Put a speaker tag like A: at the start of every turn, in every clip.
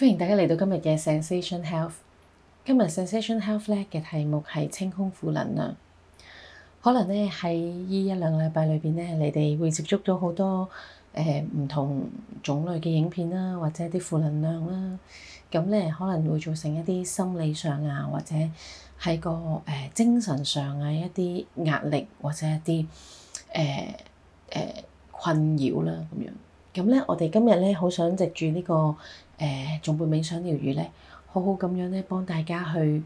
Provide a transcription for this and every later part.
A: 歡迎大家嚟到今日嘅 Zensation Health。今日 Zensation Health 咧嘅題目係清空負能量。可能呢喺呢一兩禮拜裏邊呢，你哋會接觸咗好多誒唔、呃、同種類嘅影片啦，或者啲負能量啦，咁咧可能會造成一啲心理上啊，或者喺個誒、呃、精神上啊一啲壓力或者一啲誒誒困擾啦咁樣。咁咧，我哋今日咧好想藉住呢、這個誒頌缽冥想療癒咧，好好咁樣咧幫大家去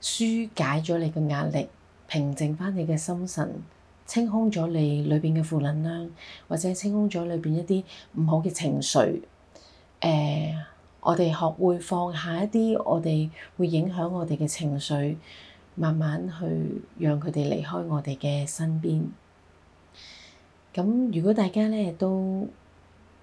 A: 舒解咗你嘅壓力，平靜翻你嘅心神，清空咗你裏邊嘅負能量，或者清空咗裏邊一啲唔好嘅情緒。誒、呃，我哋學會放下一啲我哋會影響我哋嘅情緒，慢慢去讓佢哋離開我哋嘅身邊。咁如果大家咧都～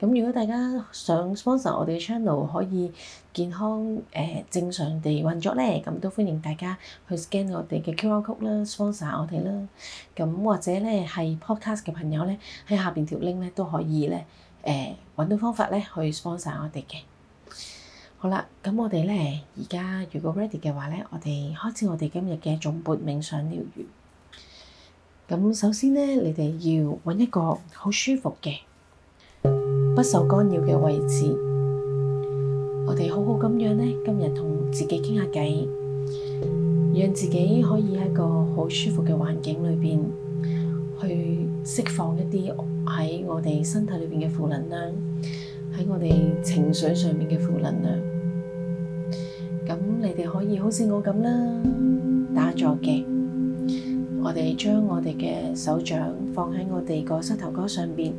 A: 咁如果大家想 sponsor 我哋嘅 channel，可以健康誒、呃、正常地運作咧，咁都歡迎大家去 scan 我哋嘅 QR code 啦，sponsor 我哋啦。咁或者咧係 podcast 嘅朋友咧，喺下邊條 link 咧都可以咧誒揾到方法咧去 sponsor 我哋嘅。好啦，咁我哋咧而家如果 ready 嘅話咧，我哋開始我哋今日嘅頌缽冥想療癒。咁首先咧，你哋要揾一個好舒服嘅，不受干擾嘅位置，我哋好好咁樣呢，今日同自己傾下偈，讓自己可以喺一個好舒服嘅環境裏面，去釋放一啲喺我哋身體裏面嘅負能量，喺我哋情緒上面嘅負能量。咁你哋可以好似我咁啦，打坐嘅，我哋將我哋嘅手掌放喺我哋個膝頭哥上面。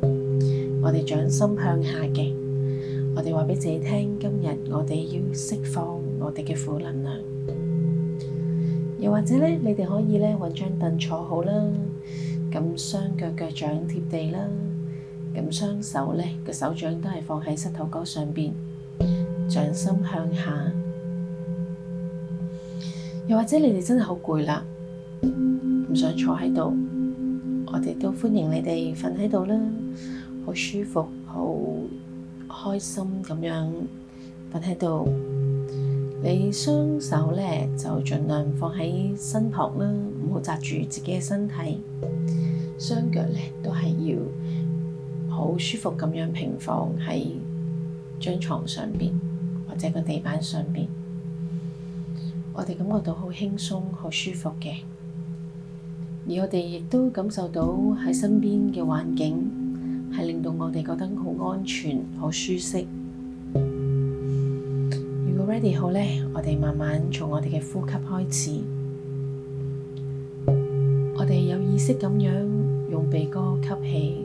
A: 我哋掌心向下嘅，我哋話畀自己聽，今日我哋要釋放我哋嘅負能量。又或者咧，你哋可以咧揾張凳坐好啦，咁雙腳腳掌貼地啦，咁雙手咧個手掌都係放喺膝頭哥上邊，掌心向下。又或者你哋真係好攰啦，唔想坐喺度，我哋都歡迎你哋瞓喺度啦。好舒服，好開心咁樣瞓喺度。你雙手咧就盡量放喺身旁啦，唔好揸住自己嘅身體。雙腳咧都係要好舒服咁樣平放喺張床上邊或者個地板上邊。我哋感覺到好輕鬆、好舒服嘅，而我哋亦都感受到喺身邊嘅環境。係令到我哋覺得好安全、好舒適。如果 ready 好咧，我哋慢慢從我哋嘅呼吸開始，我哋有意識咁樣用鼻哥吸氣，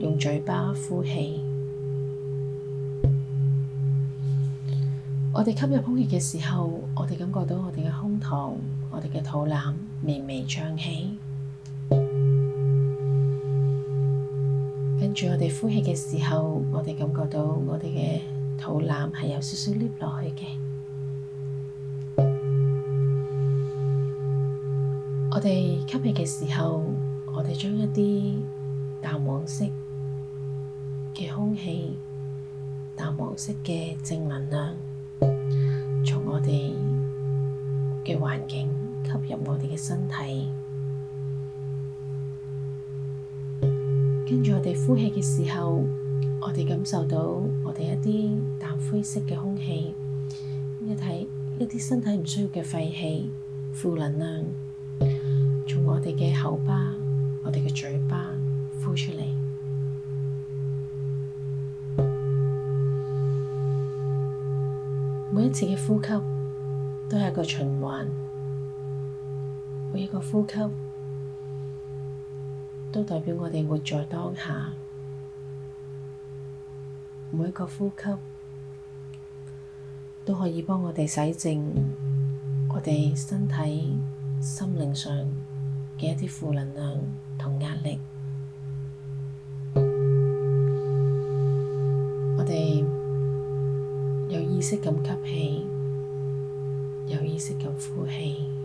A: 用嘴巴呼氣。我哋吸入空氣嘅時候，我哋感覺到我哋嘅胸膛、我哋嘅肚腩微微脹起。住我哋呼氣嘅時候，我哋感覺到我哋嘅肚腩係有少少凹落去嘅。 我哋吸氣嘅時候，我哋將一啲淡黃色嘅空氣、淡黃色嘅正能量，從我哋嘅環境吸入我哋嘅身體。跟住我哋呼氣嘅時候，我哋感受到我哋一啲淡灰色嘅空氣，一睇一啲身體唔需要嘅廢氣、負能量，從我哋嘅口巴、我哋嘅嘴巴呼出嚟。每一次嘅呼吸都係一個循環，每一個呼吸，都代表我哋活在當下，每一個呼吸都可以幫我哋洗淨我哋身體、心靈上嘅一啲負能量同壓力。我哋有意識咁吸氣，有意識咁呼氣。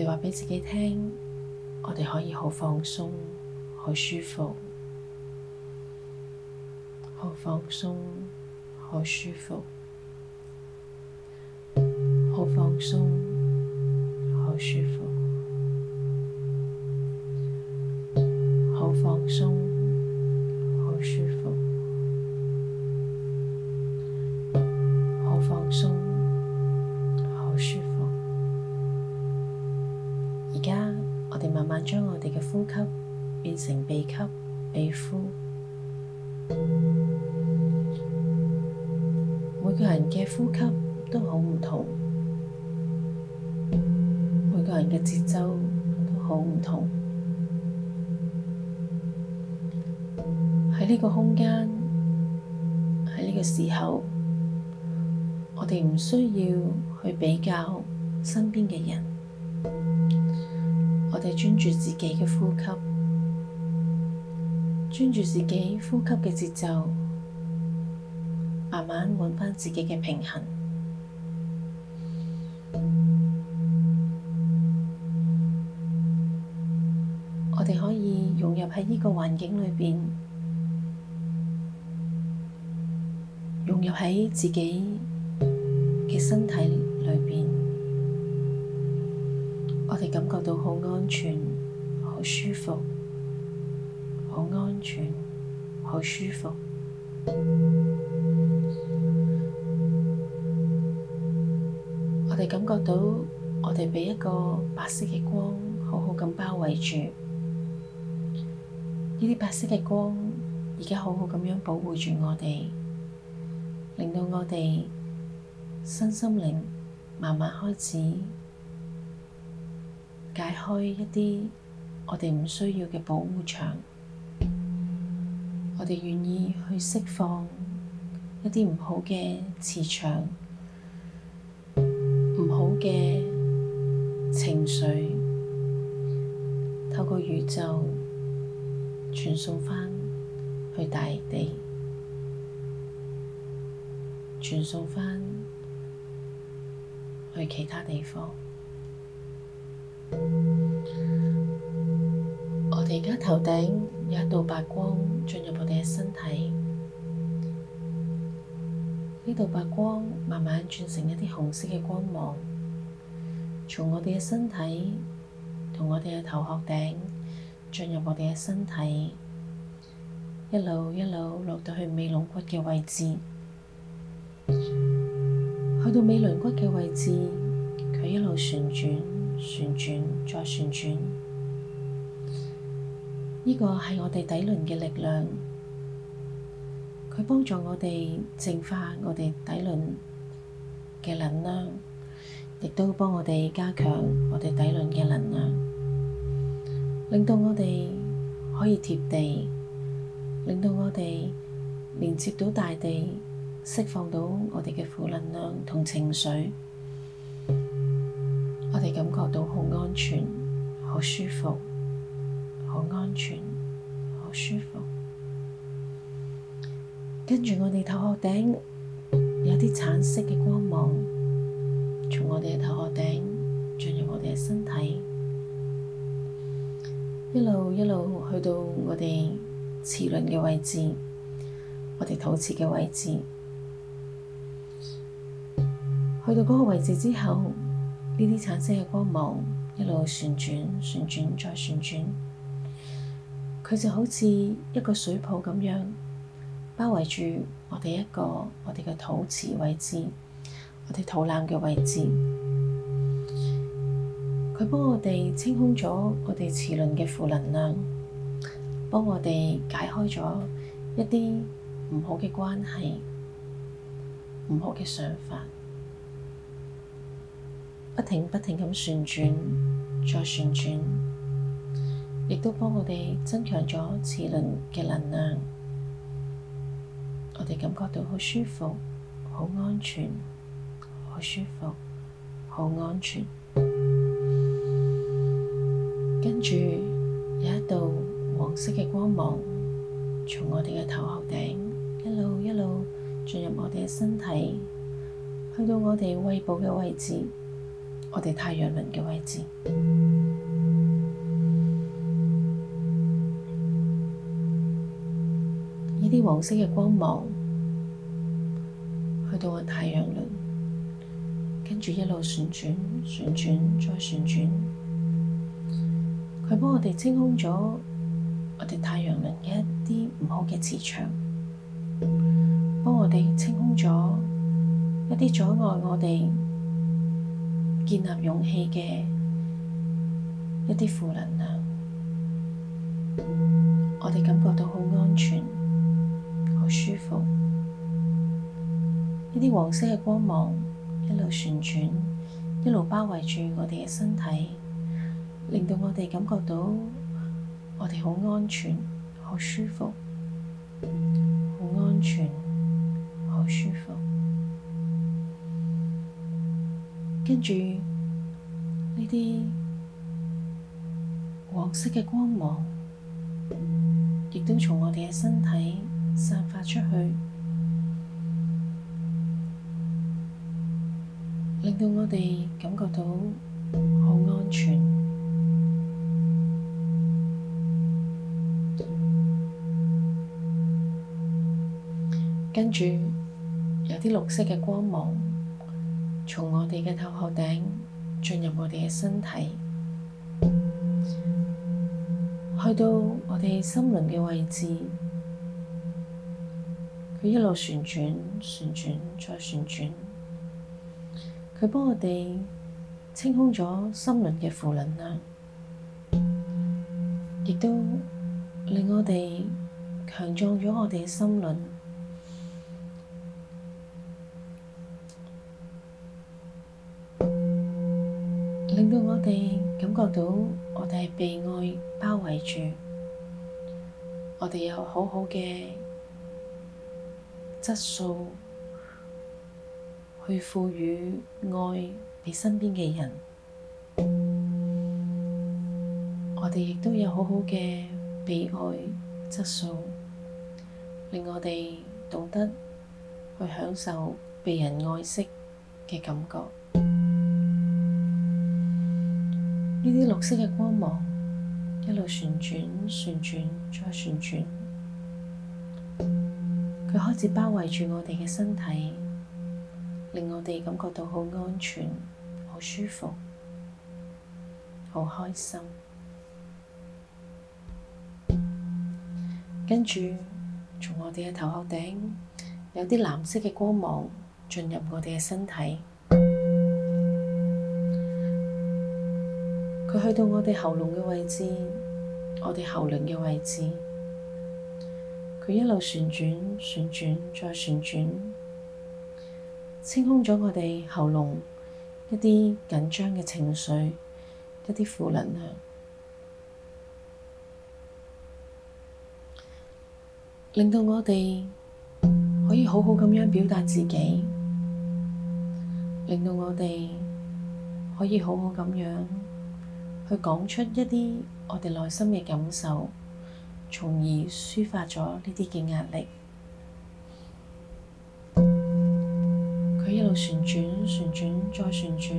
A: 我哋話畀自己聽，我哋可以好放鬆，好舒服，好放鬆，好舒服，好放鬆。呼吸變成鼻吸、鼻呼。每個人嘅呼吸都好唔同，每個人嘅節奏都好唔同。喺呢個空間，喺呢個時候，我哋唔需要去比較身邊嘅人。專注自己嘅呼吸，專注自己呼吸嘅節奏，慢慢搵返自己嘅平衡。我哋可以融入喺呢個環境裏邊，融入喺自己嘅身體裏邊。我哋感覺到好安全，好舒服，好安全，好舒服。我哋感覺到我哋被一個白色嘅光好好咁包圍住，呢啲白色嘅光而家好好咁樣保護住我哋，令到我哋身心靈慢慢開始。解開一啲我哋唔需要嘅保護牆，我哋願意去釋放一啲唔好嘅磁場、唔好嘅情緒，透過宇宙傳送翻去大地，傳送翻去其他地方。我哋而家頭頂有一道白光進入我哋嘅身體，呢道白光慢慢轉成一啲紅色嘅光芒，從我哋嘅身體同我哋嘅頭殼頂進入我哋嘅身體，一路一路落到去尾龍骨嘅位置，去到尾龍骨嘅位置，佢一路旋轉。旋轉，再旋轉，呢個係我哋底輪嘅力量。佢幫助我哋淨化我哋底輪嘅能量，亦都幫我哋加強我哋底輪嘅能量，令到我哋可以貼地，令到我哋連接到大地，釋放到我哋嘅負能量同情緒。感覺到好安全，好舒服，好安全，好舒服。跟住我哋頭殼頂有啲橙色嘅光芒，從我哋嘅頭殼頂進入我哋嘅身體，一路一路去到我哋臍輪嘅位置，我哋肚臍嘅位置，去到嗰個位置之後。呢啲橙色嘅光芒一路旋轉旋轉再旋轉，佢就好似一個水泡咁樣包圍住我哋一個我哋嘅肚臍位置，我哋肚腩嘅位置。佢幫我哋清空咗我哋臍輪嘅負能量，幫我哋解開咗一啲唔好嘅關係，唔好嘅想法。不停不停咁旋轉，再旋轉，亦都幫我哋增強咗齒輪嘅能量。我哋感覺到好舒服，好安全，好舒服，好安全。跟住有一道黃色嘅光芒，從我哋嘅頭殼頂一路一路進入我哋嘅身體，去到我哋胃部嘅位置。我哋太陽輪嘅位置，呢啲黃色嘅光芒去到我太陽輪，跟住一路旋轉、旋轉、再旋轉，佢幫我哋清空咗我哋太陽輪嘅一啲唔好嘅磁場，幫我哋清空咗一啲阻礙我哋。建立勇氣嘅一啲負能量，我哋感覺到好安全，好舒服。一啲黃色嘅光芒一路旋轉，一路包圍住我哋嘅身體，令到我哋感覺到我哋好安全，好舒服，好安全，好舒服。跟住呢啲黃色嘅光芒，亦都從我哋嘅身體散發出去，令到我哋感覺到好安全。跟住有啲綠色嘅光芒。從我哋嘅頭殼頂進入我哋嘅身體，去到我哋心輪嘅位置，佢一路旋轉、旋轉、再旋轉，佢幫我哋清空咗心輪嘅負能量，亦都令我哋強壯咗我哋嘅心輪。令到我哋感覺到我哋係被愛包圍住，我哋有好好嘅質素去賦予愛畀身邊嘅人，我哋亦都有好好嘅被愛質素，令我哋懂得去享受被人愛惜嘅感覺。呢啲綠色嘅光芒一路旋轉、旋轉再旋轉，佢開始包圍住我哋嘅身體，令我哋感覺到好安全、好舒服、好開心。跟住，從我哋嘅頭殼頂有啲藍色嘅光芒進入我哋嘅身體。佢去到我哋喉嚨嘅位置，我哋喉輪嘅位置，佢一路旋轉、旋轉再旋轉，清空咗我哋喉嚨一啲緊張嘅情緒，一啲負能量，令到我哋可以好好咁樣表達自己，令到我哋可以好好咁樣。佢講出一啲我哋內心嘅感受，從而抒發咗呢啲嘅壓力。佢一路旋轉、旋轉、再旋轉，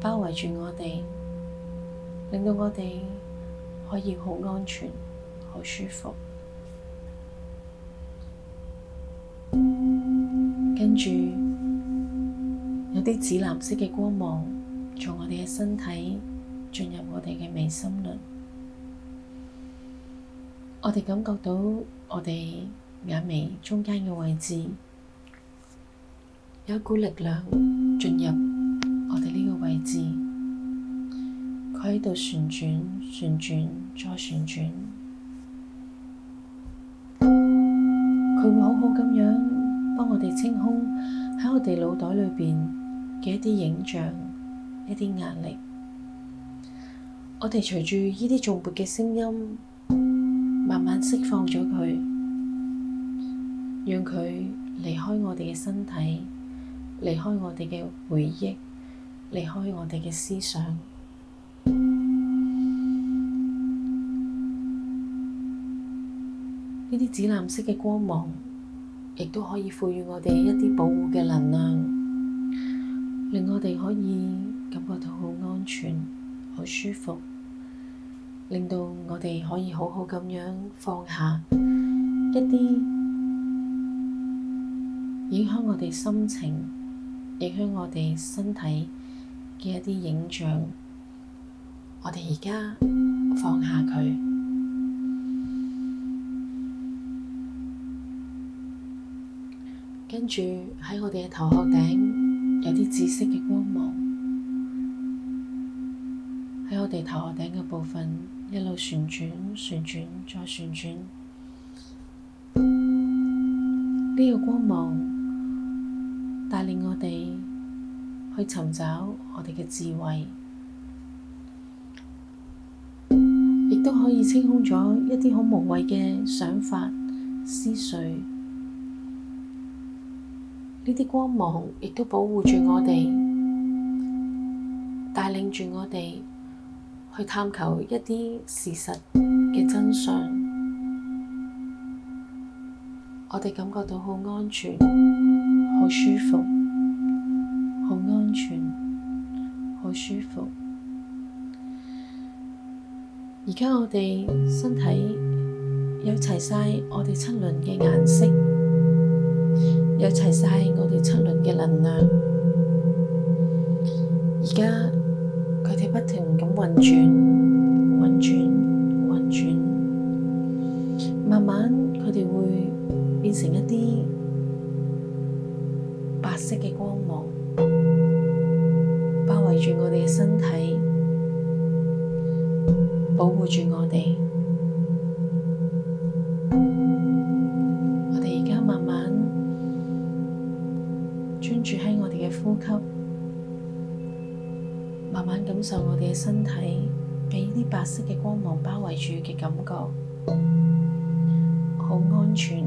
A: 包圍住我哋，令到我哋可以好安全、好舒服。跟住，有啲紫藍色嘅光芒，從我哋嘅身體。進入我哋嘅眉心輪，我哋感覺到我哋眼眉中間嘅位置有一股力量進入我哋呢個位置，佢喺度旋轉、旋轉、再旋轉，佢會好好咁樣幫我哋清空喺我哋腦袋裏邊嘅一啲影像、一啲壓力。我哋隨住呢啲頌缽嘅聲音，慢慢釋放咗佢，讓佢離開我哋嘅身體，離開我哋嘅回憶，離開我哋嘅思想。呢啲紫藍色嘅光芒，亦都可以賦予我哋一啲保護嘅能量，令我哋可以感覺到好安全。好舒服，令到我哋可以好好咁樣放下一啲影響我哋心情、影響我哋身體嘅一啲影像。我哋而家放下佢，跟住喺我哋嘅頭殼頂有啲紫色嘅光芒。喺我哋頭殼頂嘅部分一路旋轉、旋轉再旋轉，呢個光芒帶領我哋去尋找我哋嘅智慧，亦都可以清空咗一啲好無謂嘅想法、思緒。呢啲光芒亦都保護住我哋，帶領住我哋。去探求一啲事實嘅真相，我哋感覺到好安全，好舒服，好安全，好舒服。而家我哋身體有齊晒我哋七輪嘅顏色，有齊晒我哋七輪嘅能量。而家。佢哋不停咁運轉、運轉、運轉，慢慢佢哋會變成一啲白色嘅光芒，包圍住我哋嘅身體，保護住我哋。我哋而家慢慢專注喺我哋嘅呼吸。慢慢感受我哋嘅身體，俾呢啲白色嘅光芒包圍住嘅感覺，好安全，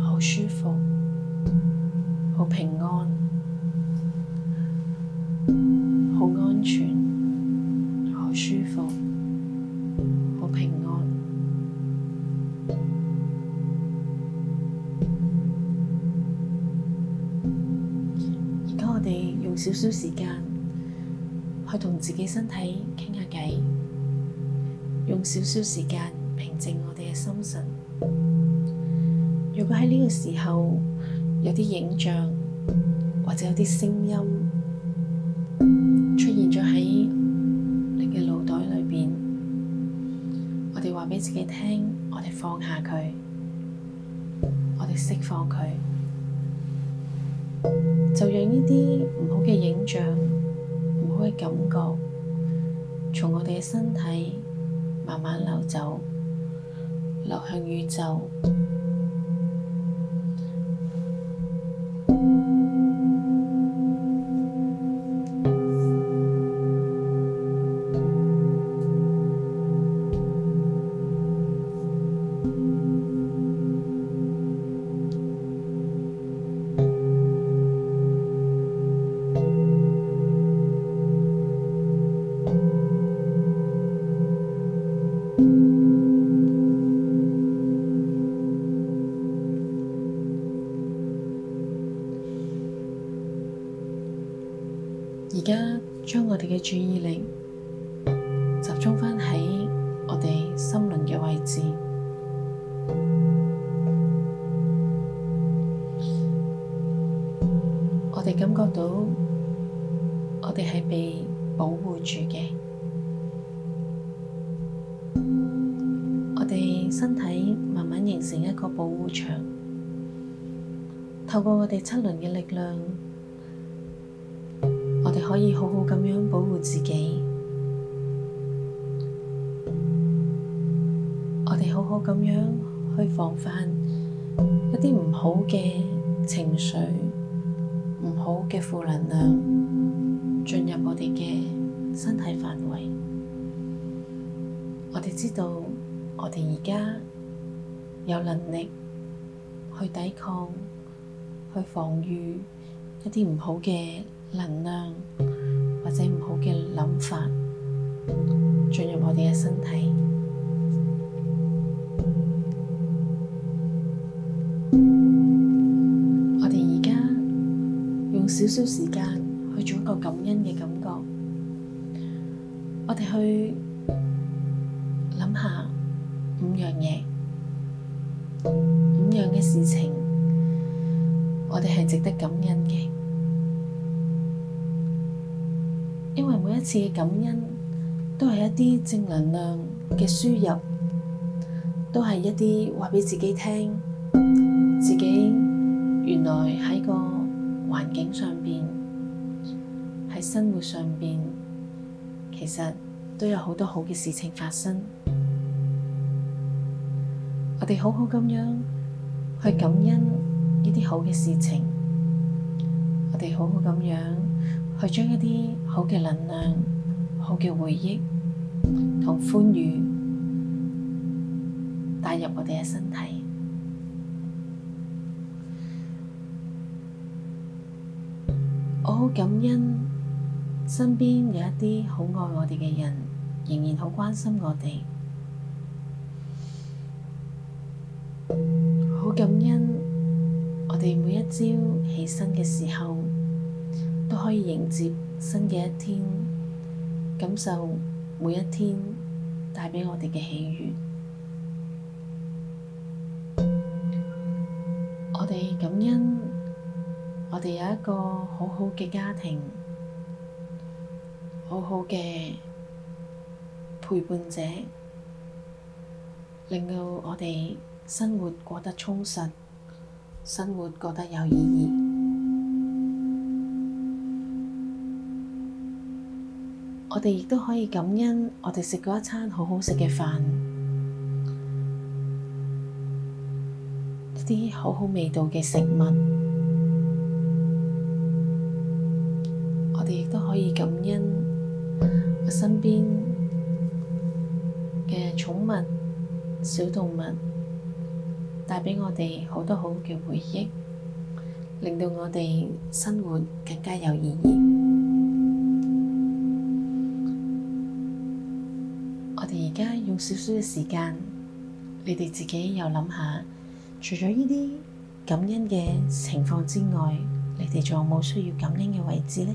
A: 好舒服，好平安，好安全，好舒服，好平安。而家我哋用少少時間。同自己身體傾下偈，用少少時間平靜我哋嘅心神。如果喺呢個時候有啲影像或者有啲聲音出現咗喺你嘅腦袋裏邊，我哋話畀自己聽，我哋放下佢，我哋釋放佢，就讓呢啲唔好嘅影像。嗰啲感覺，從我哋嘅身體慢慢流走，流向宇宙。注意力集中返喺我哋心輪嘅位置，我哋感覺到我哋係被保護住嘅，我哋身體慢慢形成一個保護牆，透過我哋七輪嘅力量，我哋可以好好咁樣。我咁樣去防範一啲唔好嘅情緒、唔好嘅負能量進入我哋嘅身體範圍。我哋知道，我哋而家有能力去抵抗、去防禦一啲唔好嘅能量或者唔好嘅諗法進入我哋嘅身體。我哋而家用少少時間去做一個感恩嘅感覺，我哋去諗下五樣嘢，五樣嘅事情，我哋係值得感恩嘅，因為每一次嘅感恩都係一啲正能量嘅輸入，都係一啲話畀自己聽。喺個環境上邊，喺生活上邊，其實都有好多好嘅事情發生。我哋好好咁樣去感恩呢啲好嘅事情，我哋好好咁樣去將一啲好嘅能量、好嘅回憶同歡愉帶入我哋嘅身體。好感恩身邊有一啲好愛我哋嘅人，仍然好關心我哋。好感恩我哋每一朝起身嘅時候，都可以迎接新嘅一天，感受每一天帶畀我哋嘅喜悦。我哋有一個好好嘅家庭，好好嘅陪伴者，令到我哋生活過得充實，生活過得有意義。我哋亦都可以感恩，我哋食過一餐好好食嘅飯，一啲好好味道嘅食物。可以感恩我身邊嘅寵物、小動物，帶畀我哋好多好嘅回憶，令到我哋生活更加有意義。 我哋而家用少少嘅時間，你哋自己又諗下，除咗呢啲感恩嘅情況之外，你哋仲有冇需要感恩嘅位置呢？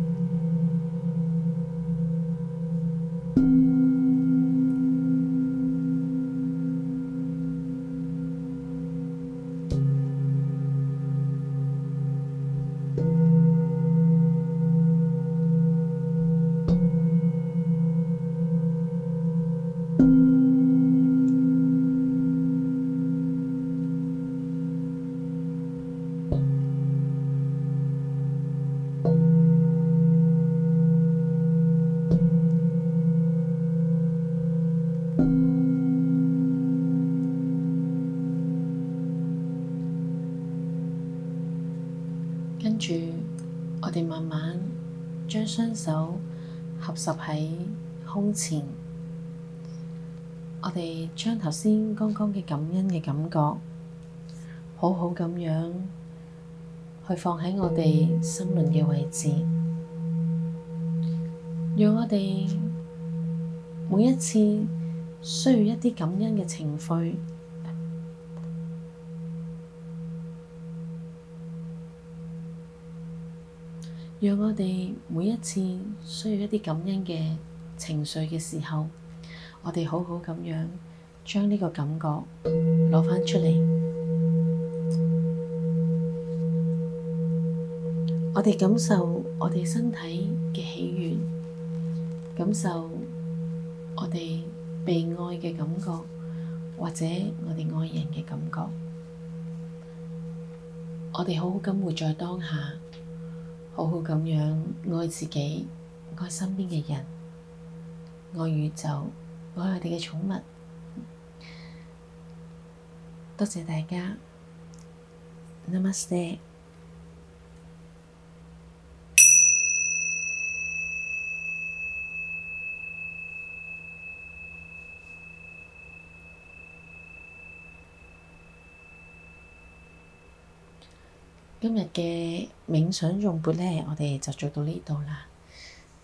A: 手合十喺胸前，我哋將頭先剛剛嘅感恩嘅感覺，好好咁樣去放喺我哋心輪嘅位置，讓我哋每一次需要一啲感恩嘅情緒。讓我哋每一次需要一啲感恩嘅情緒嘅時候，我哋好好咁樣將呢個感覺攞返出嚟。我哋感受我哋身體嘅喜悅，感受我哋被愛嘅感覺，或者我哋愛人嘅感覺。我哋好好咁活在當下。好好咁樣愛自己，愛身邊嘅人，愛宇宙，愛我哋嘅寵物。多謝大家，今晚先。今日嘅冥想用缽咧，我哋就做到呢度啦。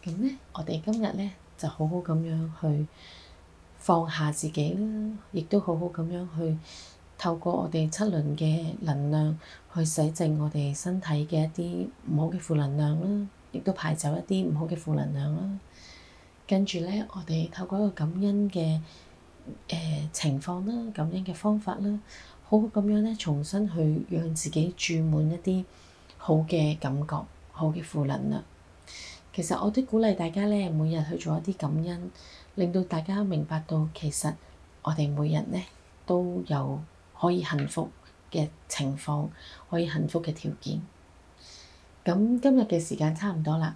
A: 咁咧，我哋今日咧就好好咁樣去放下自己啦，亦都好好咁樣去透過我哋七輪嘅能量去洗淨我哋身體嘅一啲唔好嘅負能量啦，亦都排走一啲唔好嘅負能量啦。跟住咧，我哋透過一個感恩嘅誒、呃、情況啦，感恩嘅方法啦。好好咁樣咧，重新去讓自己注滿一啲好嘅感覺、好嘅負能啦。其實我都鼓勵大家咧，每日去做一啲感恩，令到大家明白到其實我哋每人咧都有可以幸福嘅情況，可以幸福嘅條件。咁今日嘅時間差唔多啦，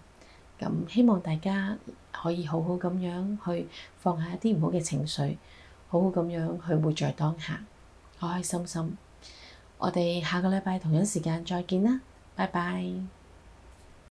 A: 咁希望大家可以好好咁樣去放下一啲唔好嘅情緒，好好咁樣去活在當下。開開心心，我哋下個禮拜同一時間再見啦，拜拜。